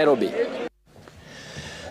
Nairobi.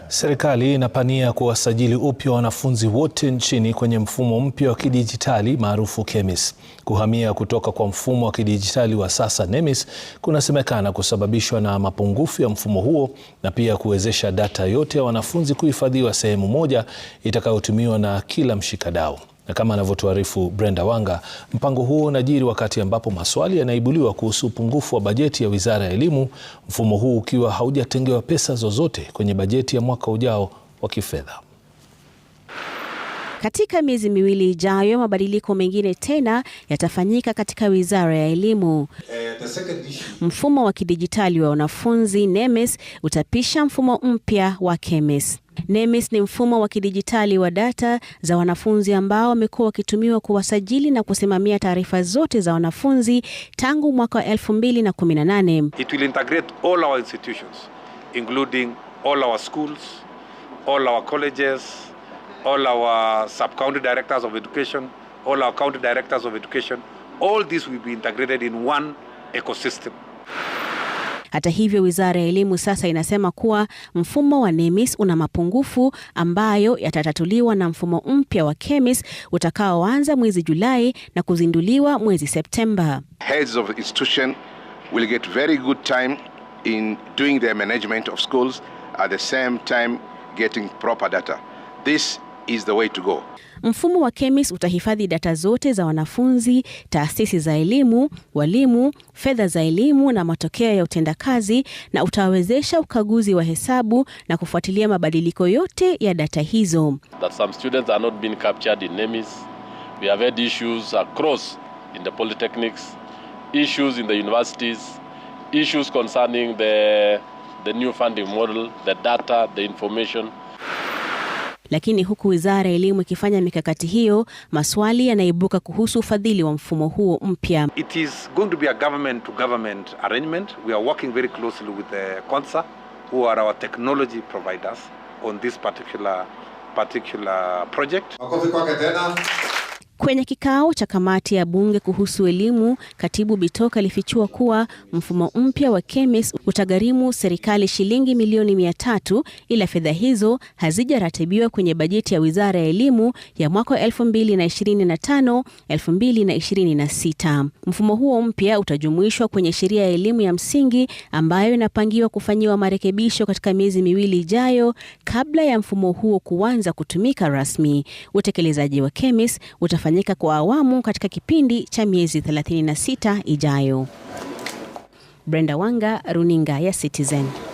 Serikali inapania kuwasajili upya wanafunzi wote nchini kwenye mfumo mpya wa kidijitali maarufu KEMIS. Kuhamia kutoka kwa mfumo wa kidijitali wa sasa NEMIS kunasemekana kusababishwa na mapungufu ya mfumo huo na pia kuwezesha data yote ya wanafunzi kuhifadhiwa sehemu moja itakayotumiwa na kila mshikadau. Na kama anavyotuarifu Brenda Wanga, mpango huo unajiri wakati ambapo maswali yanaibuliwa kuhusu upungufu wa bajeti ya Wizara ya Elimu, mfumo huu ukiwa haujatengewa pesa zozote kwenye bajeti ya mwaka ujao wa kifedha. Katika miezi miwili ijayo, mabadiliko mengine tena yatafanyika katika Wizara ya Elimu. Eh, mfumo wa kidijitali wa wanafunzi NEMIS utapisha mfumo mpya wa KEMIS. NEMIS ni mfumo wa kidijitali wa data za wanafunzi ambao wamekuwa wakitumiwa kuwasajili na kusimamia taarifa zote za wanafunzi tangu mwaka wa 2018. It will integrate all our institutions including all our schools, all our colleges all our sub-county directors of education, all our county directors of education, all this will be integrated in one ecosystem. Hata hivyo, Wizara ya Elimu sasa inasema kuwa mfumo wa NEMIS una mapungufu ambayo yatatatuliwa na mfumo mpya wa KEMIS utakaoanza mwezi Julai na kuzinduliwa mwezi Septemba. Heads of institution will get very good time in doing their management of schools at the same time getting proper data. This is the way to go. Mfumo wa KEMIS utahifadhi data zote za wanafunzi, taasisi za elimu, walimu, fedha za elimu na matokeo ya utendakazi na utawezesha ukaguzi wa hesabu na kufuatilia mabadiliko yote ya data hizo. That some students are not being captured in NEMIS. We have had issues across in the polytechnics, issues in the universities, issues concerning the the new funding model, the data, the information lakini huku wizara ya elimu ikifanya mikakati hiyo, maswali yanaibuka kuhusu ufadhili wa mfumo huo mpya. It is going to be a government to government arrangement. We are working very closely with the uh, who are our technology providers on this particular particular project. Makofi kwake tena. Kwenye kikao cha kamati ya bunge kuhusu elimu, Katibu Bitoka alifichua kuwa mfumo mpya wa KEMIS utagharimu serikali shilingi milioni mia tatu ila fedha hizo hazijaratibiwa kwenye bajeti ya Wizara ya Elimu ya mwaka 2025 2026. Mfumo huo mpya utajumuishwa kwenye Sheria ya Elimu ya Msingi ambayo inapangiwa kufanyiwa marekebisho katika miezi miwili ijayo kabla ya mfumo huo kuanza kutumika rasmi. Utekelezaji wa KEMIS utafanyika kufanyika kwa awamu katika kipindi cha miezi 36 ijayo. Brenda Wanga, Runinga ya Citizen.